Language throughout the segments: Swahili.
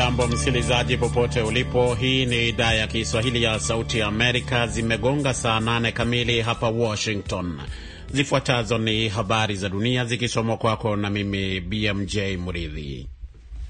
Hujambo msikilizaji, popote ulipo. Hii ni idhaa ya Kiswahili ya Sauti ya Amerika. Zimegonga saa nane kamili hapa Washington. Zifuatazo ni habari za dunia zikisomwa kwako na mimi BMJ Muridhi.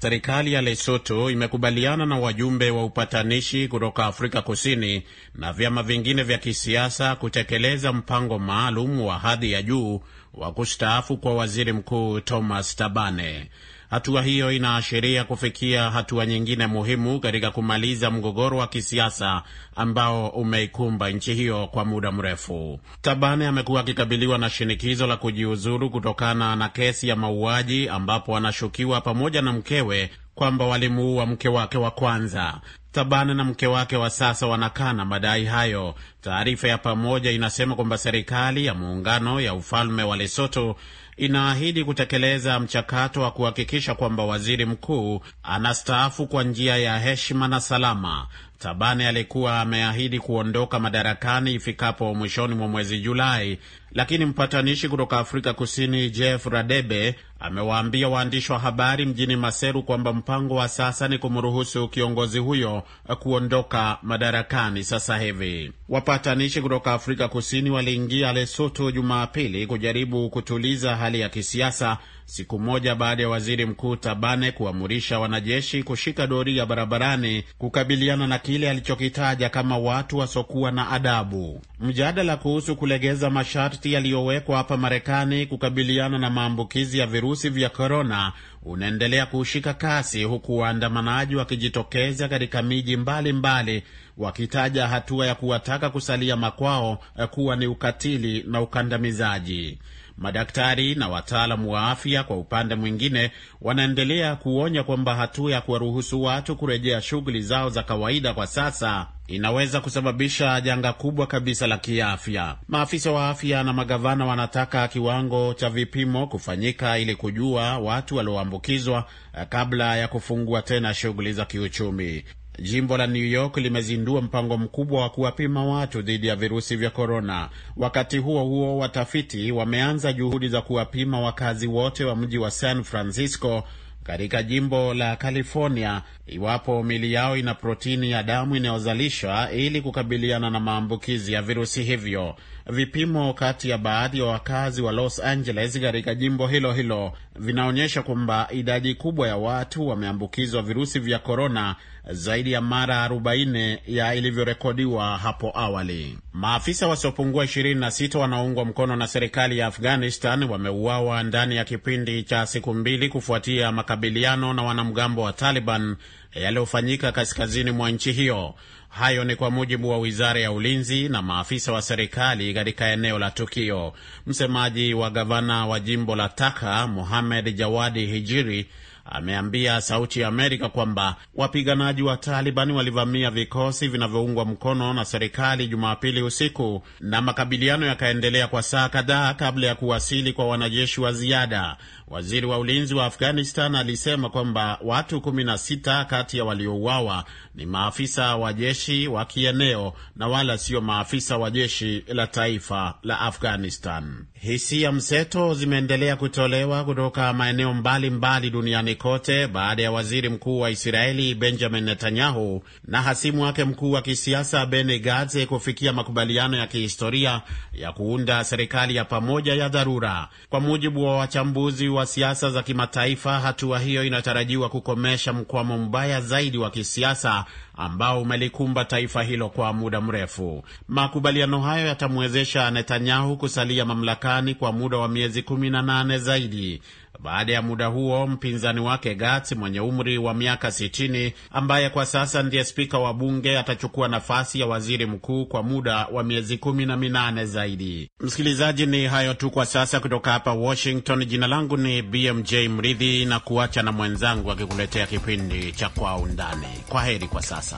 Serikali ya Lesotho imekubaliana na wajumbe wa upatanishi kutoka Afrika Kusini na vyama vingine vya kisiasa kutekeleza mpango maalum wa hadhi ya juu wa kustaafu kwa waziri mkuu Thomas Tabane. Hatua hiyo inaashiria kufikia hatua nyingine muhimu katika kumaliza mgogoro wa kisiasa ambao umeikumba nchi hiyo kwa muda mrefu. Tabane amekuwa akikabiliwa na shinikizo la kujiuzuru kutokana na kesi ya mauaji ambapo anashukiwa pamoja na mkewe kwamba walimuua mke wake wa kwanza. Tabana na mke wake wa sasa wanakana madai hayo. Taarifa ya pamoja inasema kwamba serikali ya muungano ya ufalme wa lesoto inaahidi kutekeleza mchakato wa kuhakikisha kwamba waziri mkuu anastaafu kwa njia ya heshima na salama, Tabane alikuwa ameahidi kuondoka madarakani ifikapo mwishoni mwa mwezi Julai, lakini mpatanishi kutoka Afrika Kusini Jeff Radebe amewaambia waandishi wa habari mjini Maseru kwamba mpango wa sasa ni kumruhusu kiongozi huyo kuondoka madarakani sasa hivi. Wapatanishi kutoka Afrika Kusini waliingia Lesotho Jumapili kujaribu kutuliza hali ya kisiasa siku moja baada ya waziri mkuu Tabane kuamurisha wanajeshi kushika doria barabarani kukabiliana na kile alichokitaja kama watu wasokuwa na adabu. Mjadala kuhusu kulegeza masharti yaliyowekwa hapa Marekani kukabiliana na maambukizi ya virusi vya korona unaendelea kushika kasi, huku waandamanaji wakijitokeza katika miji mbalimbali wakitaja hatua ya kuwataka kusalia makwao eh, kuwa ni ukatili na ukandamizaji. Madaktari na wataalamu wa afya kwa upande mwingine, wanaendelea kuonya kwamba hatua ya kuwaruhusu watu kurejea shughuli zao za kawaida kwa sasa inaweza kusababisha janga kubwa kabisa la kiafya. Maafisa wa afya na magavana wanataka kiwango cha vipimo kufanyika ili kujua watu walioambukizwa eh, kabla ya kufungua tena shughuli za kiuchumi. Jimbo la New York limezindua mpango mkubwa wa kuwapima watu dhidi ya virusi vya korona. Wakati huo huo, watafiti wameanza juhudi za kuwapima wakazi wote wa mji wa San Francisco katika jimbo la California iwapo mili yao ina protini ya damu inayozalishwa ili kukabiliana na maambukizi ya virusi hivyo vipimo kati ya baadhi ya wakazi wa Los Angeles katika jimbo hilo hilo vinaonyesha kwamba idadi kubwa ya watu wameambukizwa virusi vya korona zaidi ya mara 40 ya ilivyorekodiwa hapo awali. Maafisa wasiopungua 26 wanaoungwa mkono na serikali ya Afghanistan wameuawa ndani ya kipindi cha siku mbili kufuatia makabiliano na wanamgambo wa Taliban yaliyofanyika kaskazini mwa nchi hiyo. Hayo ni kwa mujibu wa wizara ya ulinzi na maafisa wa serikali katika eneo la tukio. Msemaji wa gavana wa jimbo la Taka, muhamed Jawadi Hijiri, ameambia Sauti ya Amerika kwamba wapiganaji wa Taliban walivamia vikosi vinavyoungwa mkono na serikali Jumapili usiku na makabiliano yakaendelea kwa saa kadhaa kabla ya kuwasili kwa wanajeshi wa ziada. Waziri wa ulinzi wa Afghanistan alisema kwamba watu 16 kati ya waliouawa ni maafisa wa jeshi wa kieneo na wala sio maafisa wa jeshi la taifa la Afghanistan. Hisia mseto zimeendelea kutolewa kutoka maeneo mbalimbali mbali duniani kote baada ya waziri mkuu wa Israeli Benjamin Netanyahu na hasimu wake mkuu wa kisiasa Beni Gantz kufikia makubaliano ya kihistoria ya kuunda serikali ya pamoja ya dharura, kwa mujibu wa wachambuzi wa wa siasa za kimataifa, hatua hiyo inatarajiwa kukomesha mkwamo mbaya zaidi wa kisiasa ambao umelikumba taifa hilo kwa muda mrefu. Makubaliano hayo yatamwezesha Netanyahu kusalia mamlakani kwa muda wa miezi kumi na nane zaidi baada ya muda huo, mpinzani wake Gats mwenye umri wa miaka 60 ambaye kwa sasa ndiye spika wa bunge atachukua nafasi ya waziri mkuu kwa muda wa miezi kumi na minane zaidi. Msikilizaji, ni hayo tu kwa sasa kutoka hapa Washington. Jina langu ni BMJ Mridhi na kuacha na mwenzangu akikuletea kipindi cha Kwa Undani. Kwa heri kwa sasa.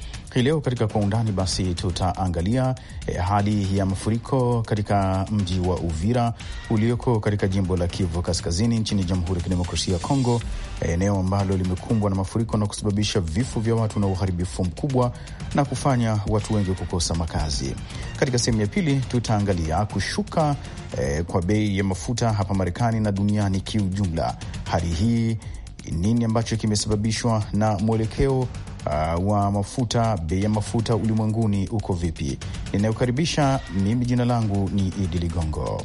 Hii leo katika kwa undani basi tutaangalia eh, hali ya mafuriko katika mji wa Uvira ulioko katika jimbo la Kivu Kaskazini nchini Jamhuri ya Kidemokrasia ya Kongo, eh, eneo eh, ambalo limekumbwa na mafuriko na kusababisha vifo vya watu na uharibifu mkubwa na kufanya watu wengi kukosa makazi. Katika sehemu ya pili tutaangalia kushuka eh, kwa bei ya mafuta hapa Marekani na duniani kiujumla. Hali hii nini ambacho kimesababishwa na mwelekeo uh, wa mafuta, bei ya mafuta ulimwenguni uko vipi? Ninayokaribisha mimi, jina langu ni Idi Ligongo.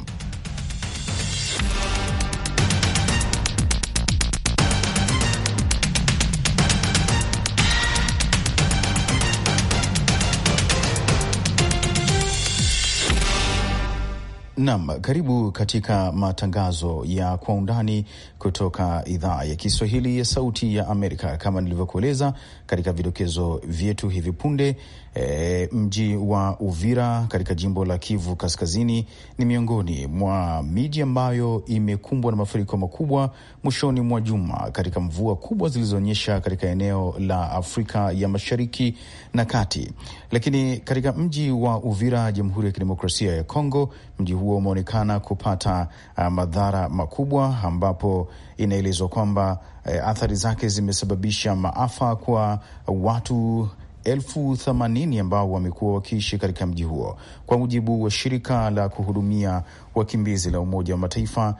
Nam, karibu katika matangazo ya kwa undani kutoka idhaa ya Kiswahili ya Sauti ya Amerika. Kama nilivyokueleza katika vidokezo vyetu hivi punde. E, mji wa Uvira katika jimbo la Kivu Kaskazini ni miongoni mwa miji ambayo imekumbwa na mafuriko makubwa mwishoni mwa juma katika mvua kubwa zilizoonyesha katika eneo la Afrika ya Mashariki na Kati. Lakini katika mji wa Uvira, Jamhuri ya Kidemokrasia ya Kongo, mji huo umeonekana kupata uh, madhara makubwa ambapo inaelezwa kwamba e, athari zake zimesababisha maafa kwa watu elfu themanini ambao wamekuwa wakiishi katika mji huo, kwa mujibu wa shirika la kuhudumia wakimbizi la Umoja wa Mataifa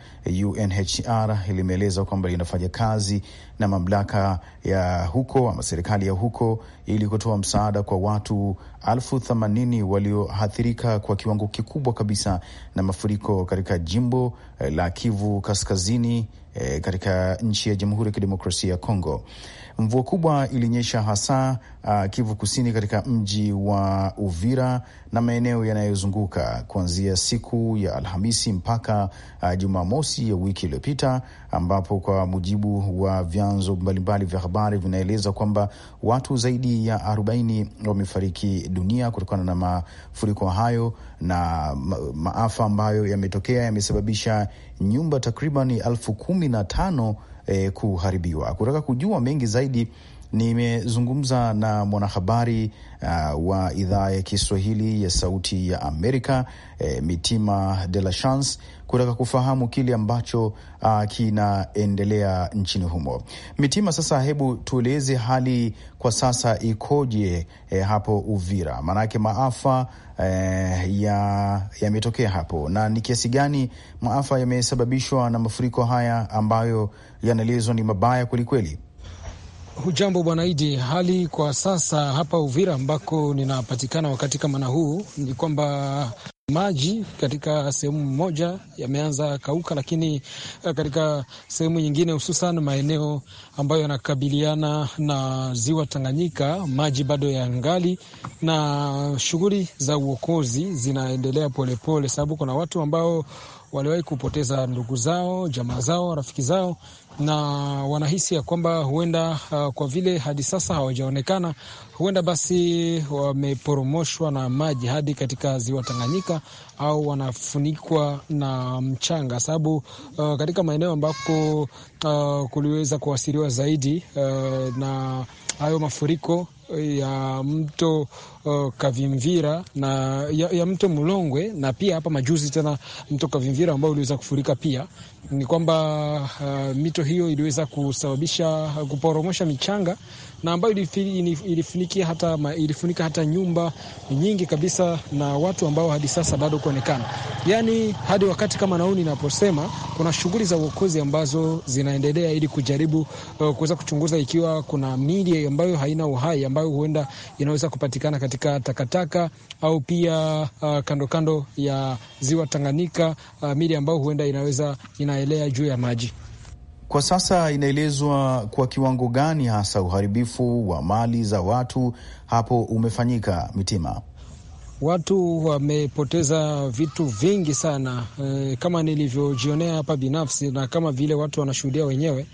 UNHCR limeeleza kwamba linafanya kazi na mamlaka ya huko ama serikali ya huko ili kutoa msaada kwa watu elfu themanini walioathirika kwa kiwango kikubwa kabisa na mafuriko katika jimbo eh, la Kivu Kaskazini Eh, katika nchi ya Jamhuri ya Kidemokrasia ya Kongo. Mvua kubwa ilinyesha hasa uh, Kivu Kusini, katika mji wa Uvira na maeneo yanayozunguka kuanzia siku ya Alhamisi mpaka uh, Jumamosi ya wiki iliyopita, ambapo kwa mujibu wa vyanzo mbalimbali vya habari vinaeleza kwamba watu zaidi ya 40 wamefariki dunia kutokana na mafuriko hayo, na maafa ambayo yametokea yamesababisha nyumba takriban elfu kumi na tano eh, kuharibiwa. Kutaka kujua mengi zaidi Nimezungumza na mwanahabari uh, wa idhaa ya Kiswahili ya Sauti ya Amerika eh, Mitima de la Chance kutaka kufahamu kile ambacho uh, kinaendelea nchini humo. Mitima, sasa hebu tueleze hali kwa sasa ikoje eh, hapo Uvira? Maanake maafa eh, yametokea ya hapo, na ni kiasi gani maafa yamesababishwa na mafuriko haya ambayo yanaelezwa ni mabaya kwelikweli? Hujambo bwana Idi. Hali kwa sasa hapa Uvira ambako ninapatikana wakati kama na huu ni kwamba maji katika sehemu moja yameanza kauka, lakini eh, katika sehemu nyingine, hususan maeneo ambayo yanakabiliana na ziwa Tanganyika, maji bado ya ngali na shughuli za uokozi zinaendelea polepole, sababu kuna watu ambao waliwahi kupoteza ndugu zao, jamaa zao, rafiki zao, na wanahisi ya kwamba huenda uh, kwa vile hadi sasa hawajaonekana, huenda basi wameporomoshwa na maji hadi katika ziwa Tanganyika au wanafunikwa na mchanga, sababu uh, katika maeneo ambako uh, kuliweza kuasiriwa zaidi uh, na hayo mafuriko eh, ya mto uh, Kavimvira na ya, ya mto Mulongwe na pia hapa majuzi tena mto Kavimvira ambao uliweza kufurika pia. Ni kwamba uh, mito hiyo iliweza kusababisha kuporomosha michanga na ambayo ilifunika hata, ilifunika hata nyumba nyingi kabisa na watu ambao hadi sasa bado kuonekana. Yani hadi wakati kama nauni naposema kuna shughuli za uokozi ambazo zinaendelea ili kujaribu uh, kuweza kuchunguza ikiwa kuna miili ambayo haina uhai ambayo huenda inaweza kupatikana katika takataka au pia uh, kando kando ya ziwa Tanganyika, uh, miili ambayo huenda inaweza inaelea juu ya maji. Kwa sasa inaelezwa kwa kiwango gani hasa uharibifu wa mali za watu hapo umefanyika Mitima? Watu wamepoteza vitu vingi sana e, kama nilivyojionea hapa binafsi na kama vile watu wanashuhudia wenyewe,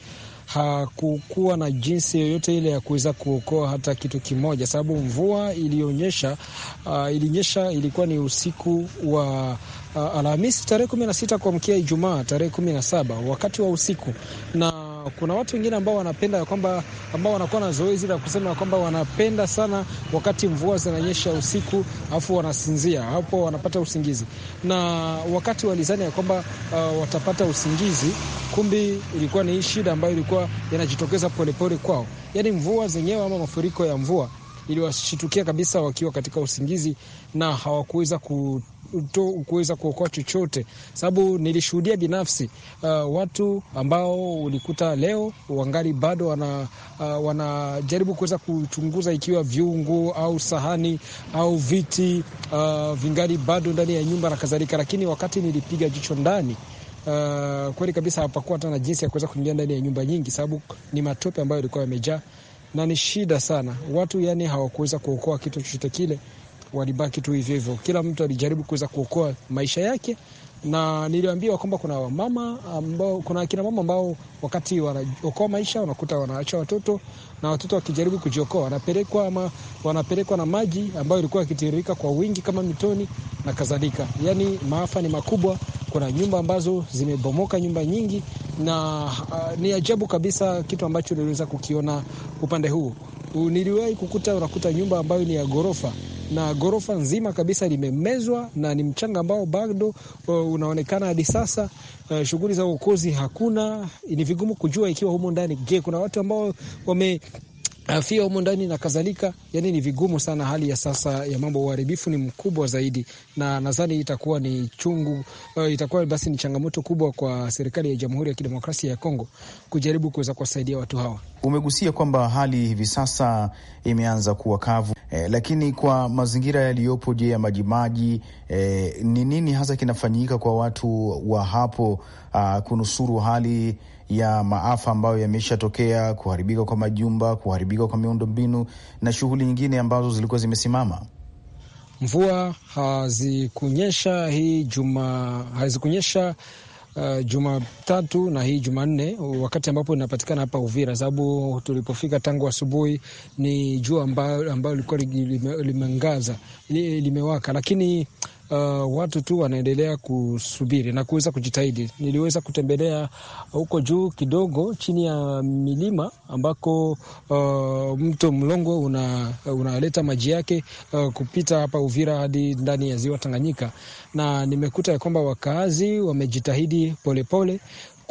hakukuwa na jinsi yoyote ile ya kuweza kuokoa hata kitu kimoja, sababu mvua ilionyesha uh, ilinyesha ilikuwa ni usiku wa uh, Alhamisi tarehe kumi na sita kuamkia Ijumaa tarehe kumi na saba wakati wa usiku na kuna watu wengine ambao wanapenda ya kwamba ambao wanakuwa na zoezi la kusema kwamba wanapenda sana wakati mvua zinanyesha usiku, afu wanasinzia hapo, wanapata usingizi. Na wakati walizani ya kwamba uh, watapata usingizi, kumbi ilikuwa ni hii shida ambayo ilikuwa inajitokeza polepole kwao, yaani mvua zenyewe ama mafuriko ya mvua iliwashitukia kabisa wakiwa katika usingizi na hawakuweza kuweza kuokoa chochote, sababu nilishuhudia binafsi uh, watu ambao ulikuta leo wangali bado wana, uh, wanajaribu kuweza kuchunguza ikiwa viungo au sahani au viti uh, vingali bado ndani ya nyumba na kadhalika, lakini wakati nilipiga jicho ndani Uh, kweli kabisa hapakuwa hata na jinsi ya kuweza kuingia ndani ya nyumba nyingi, sababu ni matope ambayo yalikuwa yamejaa na ni shida sana. Watu yani hawakuweza kuokoa kitu chochote kile, walibaki tu hivyo hivyo. Kila mtu alijaribu kuweza kuokoa maisha yake na niliambiwa kwamba kuna wamama ambao, kuna akina mama ambao wakati wanaokoa maisha wanakuta wanaacha watoto na watoto wakijaribu kujiokoa wanapelekwa ama wanapelekwa na maji ambayo ilikuwa ikitiririka kwa wingi kama mitoni na kadhalika. Yani maafa ni makubwa. Kuna nyumba ambazo zimebomoka, nyumba nyingi, na uh, ni ajabu kabisa kitu ambacho niliweza kukiona upande huu. Niliwahi kukuta unakuta nyumba ambayo ni ya ghorofa na ghorofa nzima kabisa limemezwa na ni mchanga ambao bado uh, unaonekana hadi sasa. Uh, shughuli za uokozi hakuna, ni vigumu kujua ikiwa humo ndani. Je, kuna watu ambao wame afia humo ndani na kadhalika. Yani ni vigumu sana, hali ya sasa ya mambo, uharibifu ni mkubwa zaidi, na nadhani itakuwa ni chungu uh, itakuwa basi ni changamoto kubwa kwa serikali ya Jamhuri ya Kidemokrasia ya Kongo kujaribu kuweza kuwasaidia watu hawa. Umegusia kwamba hali hivi sasa imeanza kuwa kavu eh, lakini kwa mazingira yaliyopo, je, ya majimaji eh, ni nini hasa kinafanyika kwa watu wa hapo uh, kunusuru hali ya maafa ambayo yameshatokea, kuharibika kwa majumba, kuharibika kwa miundombinu na shughuli nyingine ambazo zilikuwa zimesimama. Mvua hazikunyesha hii juma, hazikunyesha uh, Jumatatu na hii Jumanne, wakati ambapo inapatikana hapa Uvira, sababu tulipofika tangu asubuhi ni jua ambayo, ambayo lilikuwa limeangaza limewaka, lakini uh, watu tu wanaendelea kusubiri na kuweza kujitahidi. Niliweza kutembelea huko juu kidogo chini ya milima ambako uh, mto Mlongo unaleta una maji yake uh, kupita hapa Uvira hadi ndani ya ziwa Tanganyika, na nimekuta ya kwamba wakaazi wamejitahidi polepole pole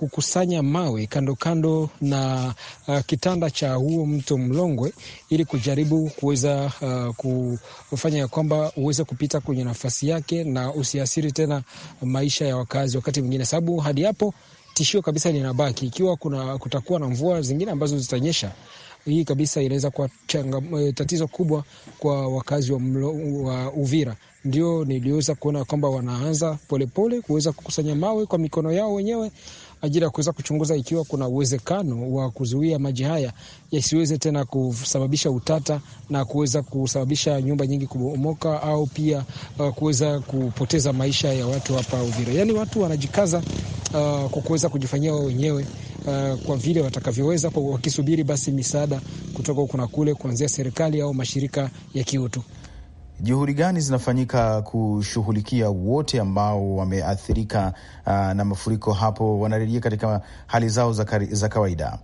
kukusanya mawe kando kando na uh, kitanda cha huo mto Mlongwe ili kujaribu kuweza uh, kufanya ya kwamba uweze kupita kwenye nafasi yake na usiasiri tena maisha ya wakazi wakati mwingine, sababu hadi hapo tishio kabisa linabaki. Ikiwa kuna kutakuwa na mvua zingine ambazo zitanyesha, hii kabisa inaweza kuwa eh, tatizo kubwa kwa wakazi wa, mlo, wa Uvira. Ndio niliweza kuona kwamba wanaanza polepole kuweza kukusanya mawe kwa mikono yao wenyewe ajili ya kuweza kuchunguza ikiwa kuna uwezekano wa kuzuia maji haya yasiweze tena kusababisha utata na kuweza kusababisha nyumba nyingi kubomoka au pia uh, kuweza kupoteza maisha ya watu hapa Uvira. Yaani watu wanajikaza uh, kwa kuweza kujifanyia wao wenyewe uh, kwa vile watakavyoweza, wakisubiri basi misaada kutoka huku na kule, kuanzia serikali au mashirika ya kiutu. Juhudi gani zinafanyika kushughulikia wote ambao wameathirika uh, na mafuriko hapo wanarejea katika hali zao za kawaida?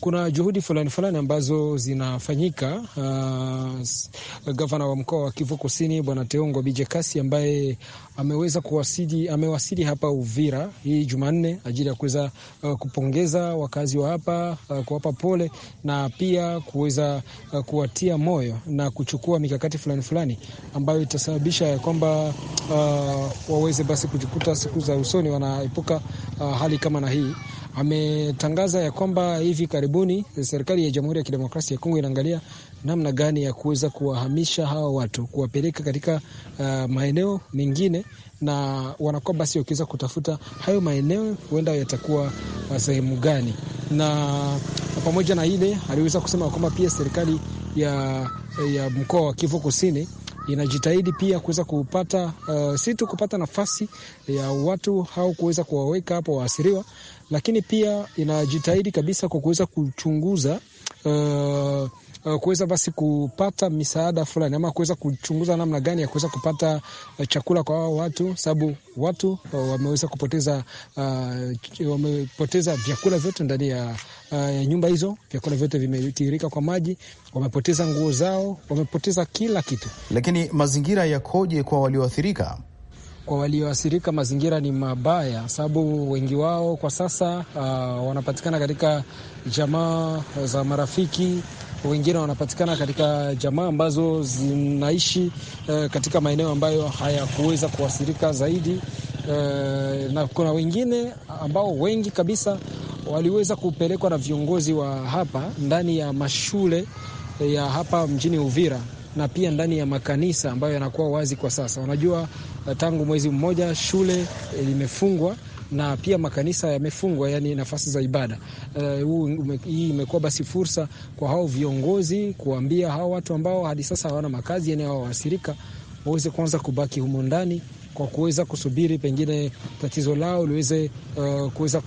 kuna juhudi fulani fulani ambazo zinafanyika. Uh, gavana wa mkoa wa Kivu Kusini Bwana Teongo Bije Kasi ambaye ameweza kuwasili, amewasili hapa Uvira hii Jumanne ajili ya kuweza uh, kupongeza wakazi wa hapa uh, kuwapa pole na pia kuweza uh, kuwatia moyo na kuchukua mikakati fulani fulani ambayo itasababisha ya kwamba uh, waweze basi kujikuta siku za usoni wanaepuka uh, hali kama na hii ametangaza ya kwamba hivi karibuni serikali ya Jamhuri ya Kidemokrasia ya Kongo inaangalia namna gani ya kuweza kuwahamisha hawa watu kuwapeleka katika uh, maeneo mengine, na wanakuwa basi wakiweza kutafuta hayo maeneo huenda yatakuwa uh, sehemu gani. Na pamoja na ile aliweza kusema kwamba pia serikali ya, ya mkoa wa Kivu Kusini inajitahidi pia kuweza kupata uh, si tu kupata nafasi ya watu au kuweza kuwaweka hapo waasiriwa, lakini pia inajitahidi kabisa kwa kuweza kuchunguza uh, Uh, kuweza basi kupata misaada fulani ama kuweza kuchunguza namna gani ya kuweza kupata uh, chakula kwa hao watu, sababu watu uh, wameweza kupoteza uh, wamepoteza vyakula vyote ndani ya uh, nyumba hizo, vyakula vyote vimetiririka kwa maji, wamepoteza nguo zao, wamepoteza kila kitu. Lakini mazingira yakoje kwa walioathirika? Kwa walioathirika mazingira ni mabaya, sababu wengi wao kwa sasa uh, wanapatikana katika jamaa za marafiki wengine wanapatikana katika jamaa ambazo zinaishi eh, katika maeneo ambayo hayakuweza kuathirika zaidi eh, na kuna wengine ambao wengi kabisa waliweza kupelekwa na viongozi wa hapa ndani ya mashule eh, ya hapa mjini Uvira na pia ndani ya makanisa ambayo yanakuwa wazi kwa sasa. Unajua, eh, tangu mwezi mmoja shule limefungwa eh, na pia makanisa yamefungwa, yani nafasi za ibada. Uh, hii imekuwa basi fursa kwa hao viongozi kuambia hao watu ambao hadi sasa hawana makazi, yani hao waasirika waweze kwanza kubaki humo ndani kwa kuweza kusubiri pengine tatizo lao liweze uh, kuweza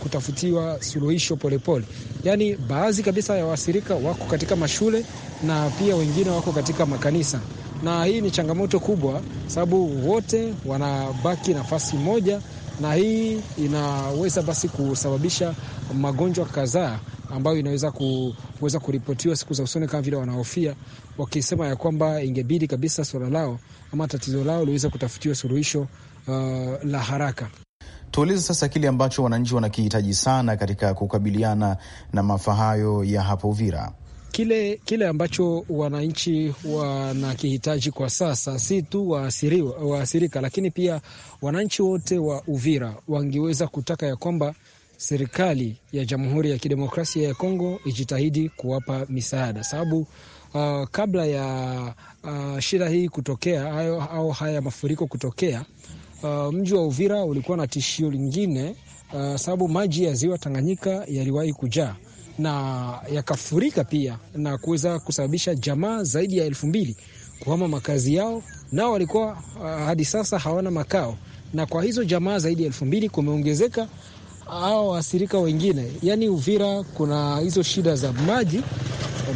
kutafutiwa suluhisho polepole. Yaani, baadhi kabisa ya waathirika wako katika mashule na pia wengine wako katika makanisa na hii ni changamoto kubwa, sababu wote wanabaki nafasi moja, na hii inaweza basi kusababisha magonjwa kadhaa ambayo inaweza kuweza kuripotiwa siku za usoni, kama vile wanahofia wakisema ya kwamba ingebidi kabisa swala lao ama tatizo lao liweze kutafutiwa suluhisho uh, la haraka. Tueleze sasa kile ambacho wananchi wanakihitaji sana katika kukabiliana na maafa hayo ya hapo Uvira. Kile kile ambacho wananchi wanakihitaji kwa sasa si tu waasirika, lakini pia wananchi wote wa Uvira wangeweza kutaka ya kwamba serikali ya Jamhuri ya Kidemokrasia ya Kongo ijitahidi kuwapa misaada, sababu uh, kabla ya uh, shida hii kutokea au, au haya mafuriko kutokea uh, mji wa Uvira ulikuwa na tishio lingine uh, sababu maji ya ziwa Tanganyika yaliwahi kujaa na yakafurika pia na kuweza kusababisha jamaa zaidi ya elfu mbili kuhama makazi yao, nao walikuwa uh, hadi sasa hawana makao, na kwa hizo jamaa zaidi ya elfu mbili kumeongezeka au waathirika wengine. Yaani Uvira kuna hizo shida za maji,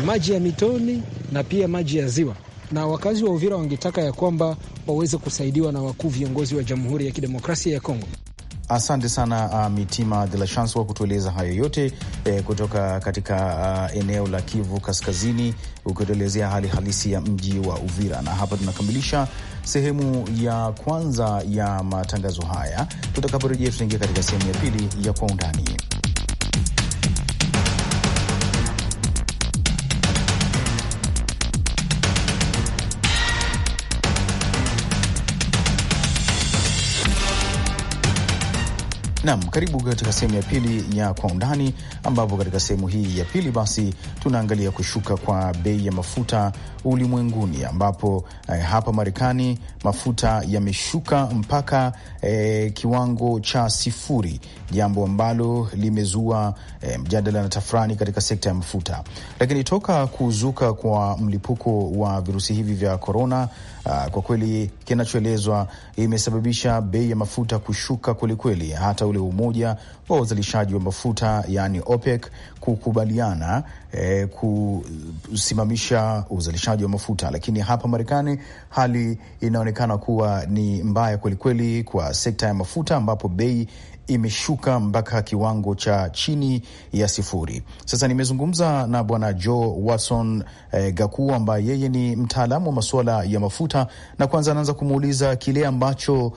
maji ya mitoni na pia maji ya ziwa, na wakazi wa Uvira wangetaka ya kwamba waweze kusaidiwa na wakuu viongozi wa Jamhuri ya Kidemokrasia ya Kongo. Asante sana uh, Mitima de la Chance wa kutueleza hayo yote eh, kutoka katika uh, eneo la Kivu Kaskazini, ukituelezea hali halisi ya mji wa Uvira. Na hapa tunakamilisha sehemu ya kwanza ya matangazo haya. Tutakaporejea, tutaingia katika sehemu ya pili ya Kwa Undani. Nam, karibu katika sehemu ya pili ya Kwa Undani, ambapo katika sehemu hii ya pili basi tunaangalia kushuka kwa bei ya mafuta ulimwenguni, ambapo eh, hapa Marekani mafuta yameshuka mpaka eh, kiwango cha sifuri, jambo ambalo limezua eh, mjadala na tafrani katika sekta ya mafuta. Lakini toka kuzuka kwa mlipuko wa virusi hivi vya korona Ah, kwa kweli kinachoelezwa imesababisha bei ya mafuta kushuka kwelikweli, hata ule umoja wa uzalishaji wa mafuta yaani OPEC kukubaliana e, kusimamisha uzalishaji wa mafuta. Lakini hapa Marekani hali inaonekana kuwa ni mbaya kwelikweli kwa sekta ya mafuta ambapo bei imeshuka mpaka kiwango cha chini ya sifuri. Sasa nimezungumza na Bwana Joe Watson eh, Gakuo ambaye yeye ni mtaalamu wa masuala ya mafuta, na kwanza anaanza kumuuliza kile ambacho uh,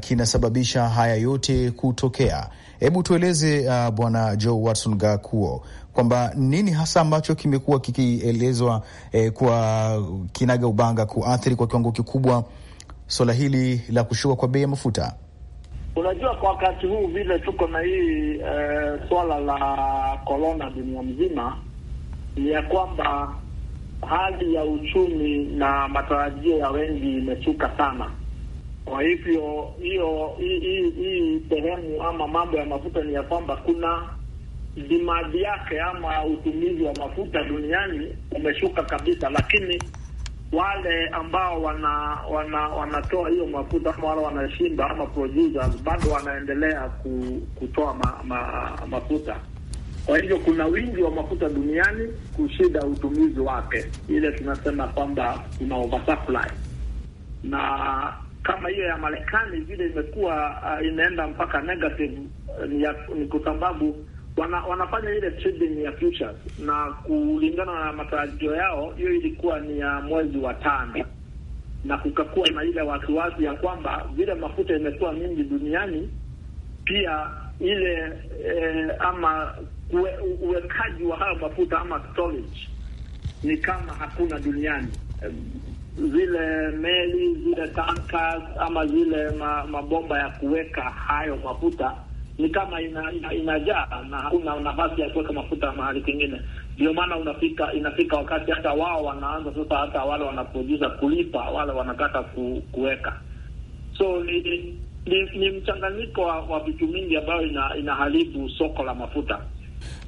kinasababisha haya yote kutokea. Hebu tueleze uh, Bwana Joe Watson Gakuo kwamba nini hasa ambacho kimekuwa kikielezwa eh, kwa kinaga ubanga kuathiri kwa kiwango kikubwa swala hili la kushuka kwa bei ya mafuta. Unajua, kwa wakati huu vile tuko na hii eh, swala la korona dunia mzima, ni ya kwamba hali ya uchumi na matarajio ya wengi imeshuka sana. Kwa hivyo hiyo hii sehemu ama mambo ya mafuta ni ya kwamba kuna dimadi yake ama utumizi wa mafuta duniani umeshuka kabisa, lakini wale ambao wana, wana wanatoa hiyo mafuta ama wale wanashimba ama producers bado wanaendelea ku, kutoa ma, ma, mafuta. Kwa hivyo kuna wingi wa mafuta duniani kushida utumizi wake, ile tunasema kwamba kuna oversupply, na kama hiyo ya Marekani vile imekuwa uh, inaenda mpaka negative uh, ni, ni kwa sababu wana, wanafanya ile trading ya futures na kulingana na matarajio yao, hiyo ilikuwa ni ya mwezi wa tano, na kukakuwa na ile wasiwasi ya kwamba vile mafuta imekuwa mingi duniani, pia ile eh, ama uwekaji wa hayo mafuta ama storage ni kama hakuna duniani zile meli zile tankers ama zile ma, mabomba ya kuweka hayo mafuta ni kama inajaa ina, ina na hakuna nafasi ya kuweka mafuta mahali pengine. Ndio maana unafika inafika wakati hata wao wanaanza sasa, hata wale wanaprodusa kulipa wale wanataka ku, kuweka so ni, ni, ni mchanganyiko wa vitu mingi ambayo ina, inaharibu soko la mafuta.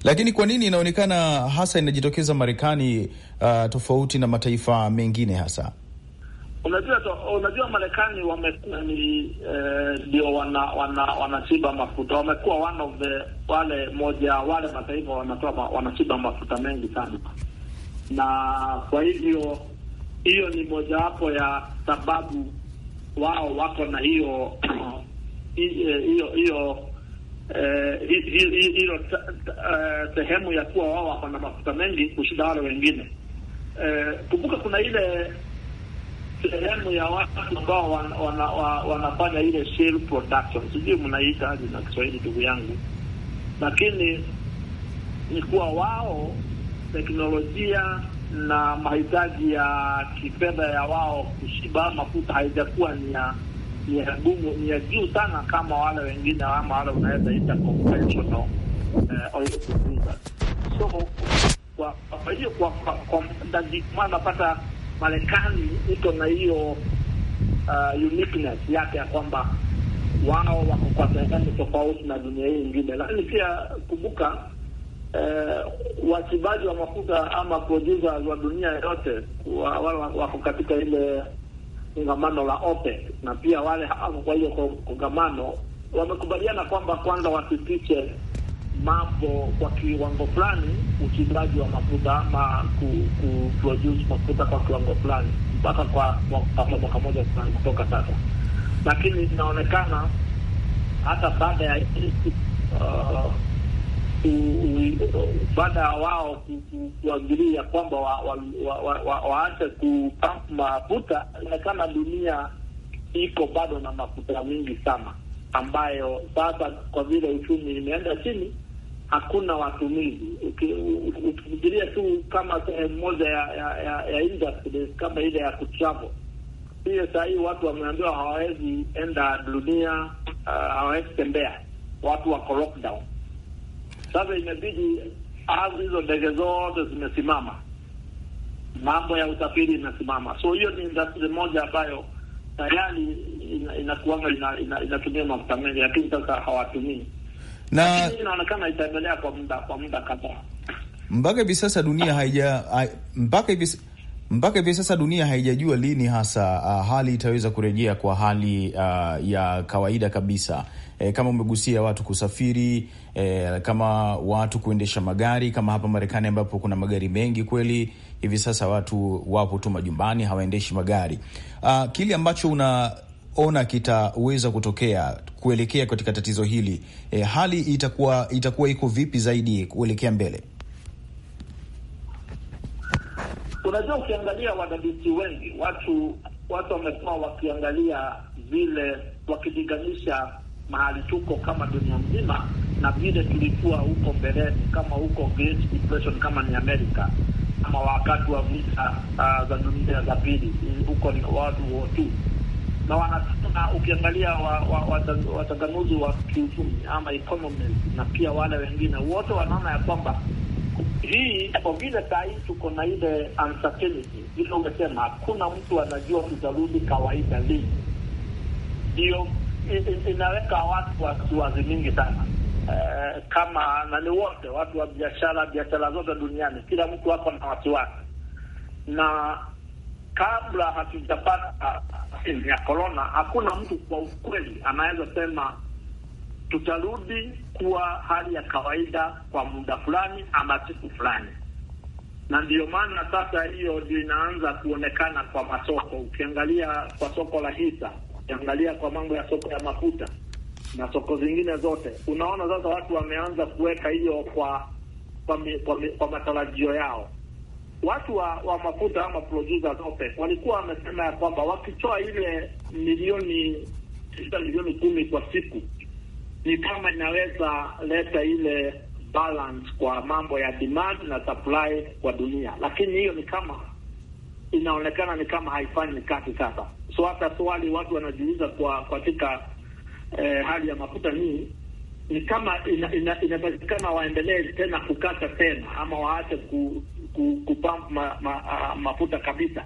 Lakini kwa nini inaonekana hasa inajitokeza Marekani, uh, tofauti na mataifa mengine hasa Unajua to, unajua Marekani wamekuwa ni eh, ndio eh, wana wana wanachiba mafuta, wamekuwa one of the wale moja wale mataifa wanatoa wanachiba mafuta mengi sana, na kwa hivyo hiyo ni mojawapo ya sababu wao wako na hiyo eh, hiyo hiyo eh, hiyo sehemu ya kuwa wao wako na mafuta mengi kushinda wale wengine. Kumbuka kuna ile sehemu ya watu ambao wanafanya ile shell production, sijui mnaita aje na Kiswahili ndugu yangu, lakini ni kuwa wao teknolojia na mahitaji ya kifedha ya wao kushiba mafuta haijakuwa ni ya ni ya gumu ni ya juu sana kama wale wengine ama wale unaweza ita conventional oil producers. So kwa hiyo kwa, kwa, kwa, kwa, kwa, kwa, kwa, kwa, kwa, kwa, kwa, kwa, kwa Marekani iko na hiyo uh, uniqueness yake ya kwamba wao wako kwa sehemu tofauti na dunia hii ingine, lakini pia kumbuka eh, wachimbaji wa mafuta ama producers wa dunia yote wale wako katika ile kongamano la OPEC na pia wale hawako kwa hiyo kongamano wamekubaliana kwamba kwanza wasitishe mambo kwa kiwango fulani, uchimbaji wa mafuta ama kuproduce mafuta kwa kiwango fulani mpaka kwa mwaka moja fulani kutoka sasa, lakini inaonekana hata baada ya uh, baada ya wao kuangilia kwamba waache wa, mafuta, inaonekana dunia iko bado na mafuta mingi sana, ambayo sasa kwa vile uchumi imeenda chini hakuna watumizi. Ukifikiria tu kama sehemu moja ya, ya, ya, ya industry kama ile ya kutravel hiyo, saa hii watu wameambiwa hawawezi enda dunia, uh, hawawezi tembea, watu wako lockdown. Sasa imebidi ardhi hizo ndege zote zimesimama, mambo ya usafiri imesimama. So hiyo ni industry moja ambayo tayari inakuanga inatumia mafuta mengi, lakini sasa hawatumii na inaonekana itaendelea kwa muda kwa muda kadhaa mpaka hivi sasa dunia haija mpaka hivi mpaka hivi sasa dunia haijajua lini hasa uh, hali itaweza kurejea kwa hali uh, ya kawaida kabisa. E, kama umegusia watu kusafiri e, kama watu kuendesha magari kama hapa Marekani ambapo kuna magari mengi kweli hivi sasa, watu wapo tu majumbani hawaendeshi magari. Uh, kile ambacho una ona kitaweza kutokea kuelekea katika tatizo hili e, hali itakuwa itakuwa iko vipi zaidi kuelekea mbele? Unajua, ukiangalia wadadisi wengi, watu watu wamekuwa wakiangalia vile, wakilinganisha mahali tuko kama dunia mzima na vile tulikuwa huko mbeleni, kama huko Great Depression, kama ni Amerika, ama wakati wa vita uh, za dunia za pili, huko ni World wotu na wana, ukiangalia wachanganuzi wa, wa, wa, wa kiuchumi ama economist na pia wale wengine wote wanaona ya kwamba hii kwa vile sahii tuko na ile uncertainty vile umesema, hakuna mtu anajua kitarudi kawaida lini, ndio inaweka watu wasiwazi mingi sana eh, kama nani wote watu wa biashara, biashara zote duniani, kila mtu wako na wasiwasi na kabla hatujapata vaksini ya korona, hakuna mtu kwa ukweli anaweza sema tutarudi kuwa hali ya kawaida kwa muda fulani ama siku fulani, na ndiyo maana sasa hiyo ndio inaanza kuonekana kwa masoko. Ukiangalia kwa soko la hisa, ukiangalia kwa mambo ya soko ya mafuta na soko zingine zote, unaona sasa watu wameanza kuweka hiyo kwa kwa, kwa, kwa matarajio yao watu wa, wa mafuta ama producers zote walikuwa wamesema ya kwamba wakitoa ile milioni tisa milioni kumi kwa siku ni kama inaweza leta ile balance kwa mambo ya demand na supply kwa dunia, lakini hiyo ni kama inaonekana ni kama haifanyi kazi sasa. So hata swali watu wanajiuliza kwa katika eh, hali ya mafuta nii ni kama inatakikana ina, ina waendelee tena kukata tena ama waache ku kupump ma, ma, a, mafuta kabisa.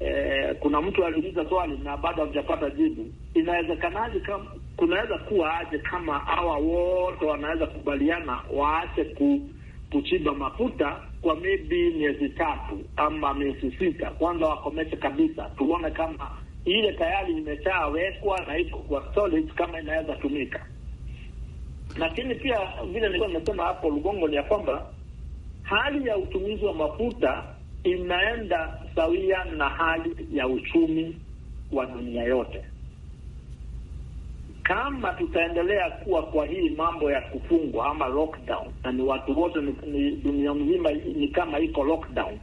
E, kuna mtu aliuliza swali na bado hamjapata jibu. Inawezekanaje? Kama kunaweza kuwa aje kama hawa wote wanaweza kubaliana waache ku, kuchimba mafuta kwa maybe miezi tatu ama miezi sita, kwanza wakomeshe kabisa, tuone kama ile tayari imeshawekwa na iko kwa storage kama inaweza tumika. Lakini pia vile nilikuwa nimesema hapo Lugongo ni ya kwamba hali ya utumizi wa mafuta inaenda sawia na hali ya uchumi wa dunia yote. Kama tutaendelea kuwa kwa hii mambo ya kufungwa ama lockdown, na ni watu wote ni, ni dunia mzima ni kama iko lockdown,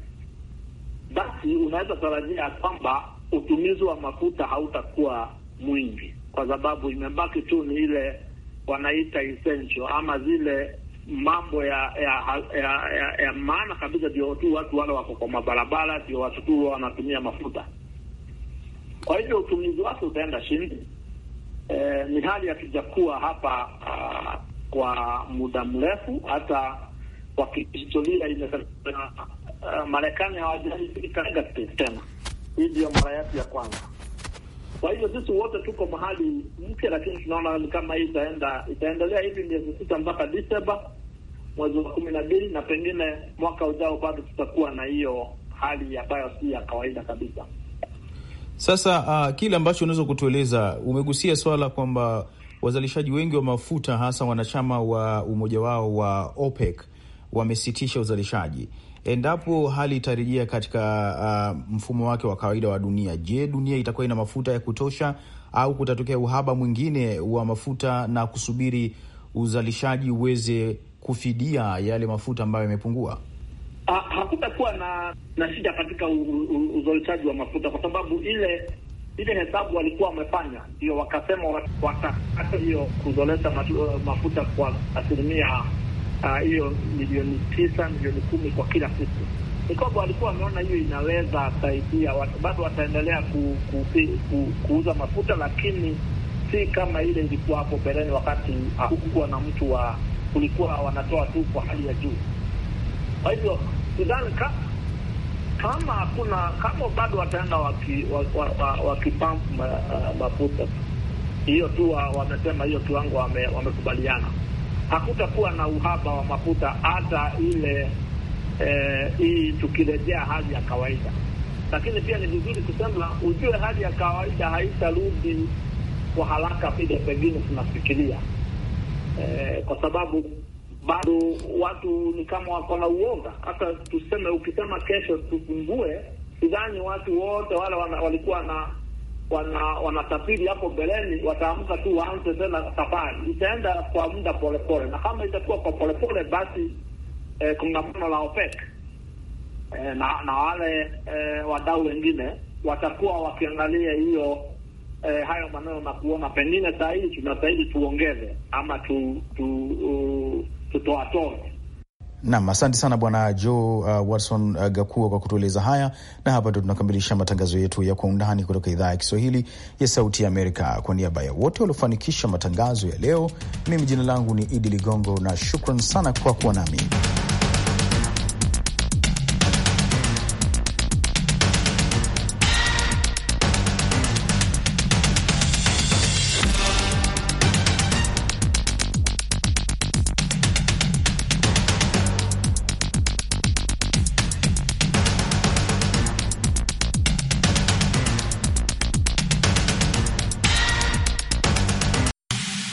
basi unaweza tarajia kwamba utumizi wa mafuta hautakuwa mwingi, kwa sababu imebaki tu ni ile wanaita essential ama zile mambo ya ya, ya, ya, ya maana kabisa, ndio tu watu wale wako kwa mabarabara, ndio watu tu wanatumia mafuta. Kwa hivyo utumizi wake utaenda chini. E, ni hali hatujakuwa hapa uh, kwa muda mrefu, hata kwa kihistoria ile uh, Marekani hawajai tena. Hii ndio mara yetu ya kwanza. Kwa hivyo sisi wote tuko mahali mpya, lakini tunaona kama hii itaenda itaendelea hivi miezi sita mpaka Desemba mwezi wa kumi na mbili, na pengine mwaka ujao bado tutakuwa na hiyo hali ambayo si ya kawaida kabisa. Sasa uh, kile ambacho unaweza kutueleza, umegusia swala kwamba wazalishaji wengi wa mafuta hasa wanachama wa umoja wao wa OPEC wamesitisha uzalishaji endapo hali itarejea katika uh, mfumo wake wa kawaida wa dunia, je, dunia itakuwa ina mafuta ya kutosha au kutatokea uhaba mwingine wa mafuta na kusubiri uzalishaji uweze kufidia yale mafuta ambayo yamepungua? Ha, hakutakuwa na na shida katika uzalishaji wa mafuta kwa sababu ile ile hesabu walikuwa wamefanya ndio wakasema wataka hiyo kuzolesha mafuta kwa asilimia Ah, hiyo milioni tisa milioni kumi kwa kila siku. Ni kwamba walikuwa wameona hiyo inaweza saidia watu, bado wataendelea ku, ku, ku, kuuza mafuta, lakini si kama ile ilikuwa hapo mbeleni, wakati hakukuwa na mtu wa kulikuwa wanatoa tu kwa hali ya juu. Kwa hivyo sidhani ka, kama hakuna kama bado wataenda wakipampu waki, waki, waki uh, mafuta hiyo tu wamesema hiyo kiwango wamekubaliana wame hakutakuwa na uhaba wa mafuta hata ile eh, hii e, tukirejea hali ya kawaida. Lakini pia ni vizuri kusema, ujue hali ya kawaida haitarudi kwa haraka vile pengine tunafikiria e, kwa sababu bado watu ni kama wako na uoga. Hata tuseme, ukisema kesho tufungue, sidhani watu wote wale walikuwa na wanasafiri hapo mbeleni, wataamka tu waanze tena safari. Itaenda kwa muda polepole, na kama itakuwa kwa polepole basi eh, kongamano la OPEC eh, na, na wale eh, wadau wengine watakuwa wakiangalia hiyo eh, hayo maneno na kuona pengine saa hii tunastahili tuongeze ama tu, tu, uh, tutoatoe Nam, asante sana Bwana Joe uh, Watson uh, Gakua kwa kutueleza haya, na hapa ndo tunakamilisha matangazo yetu ya Kwa Undani kutoka idhaa ya Kiswahili ya Sauti ya Amerika. Kwa niaba ya wote waliofanikisha matangazo ya leo, mimi jina langu ni Idi Ligongo na shukran sana kwa kuwa nami.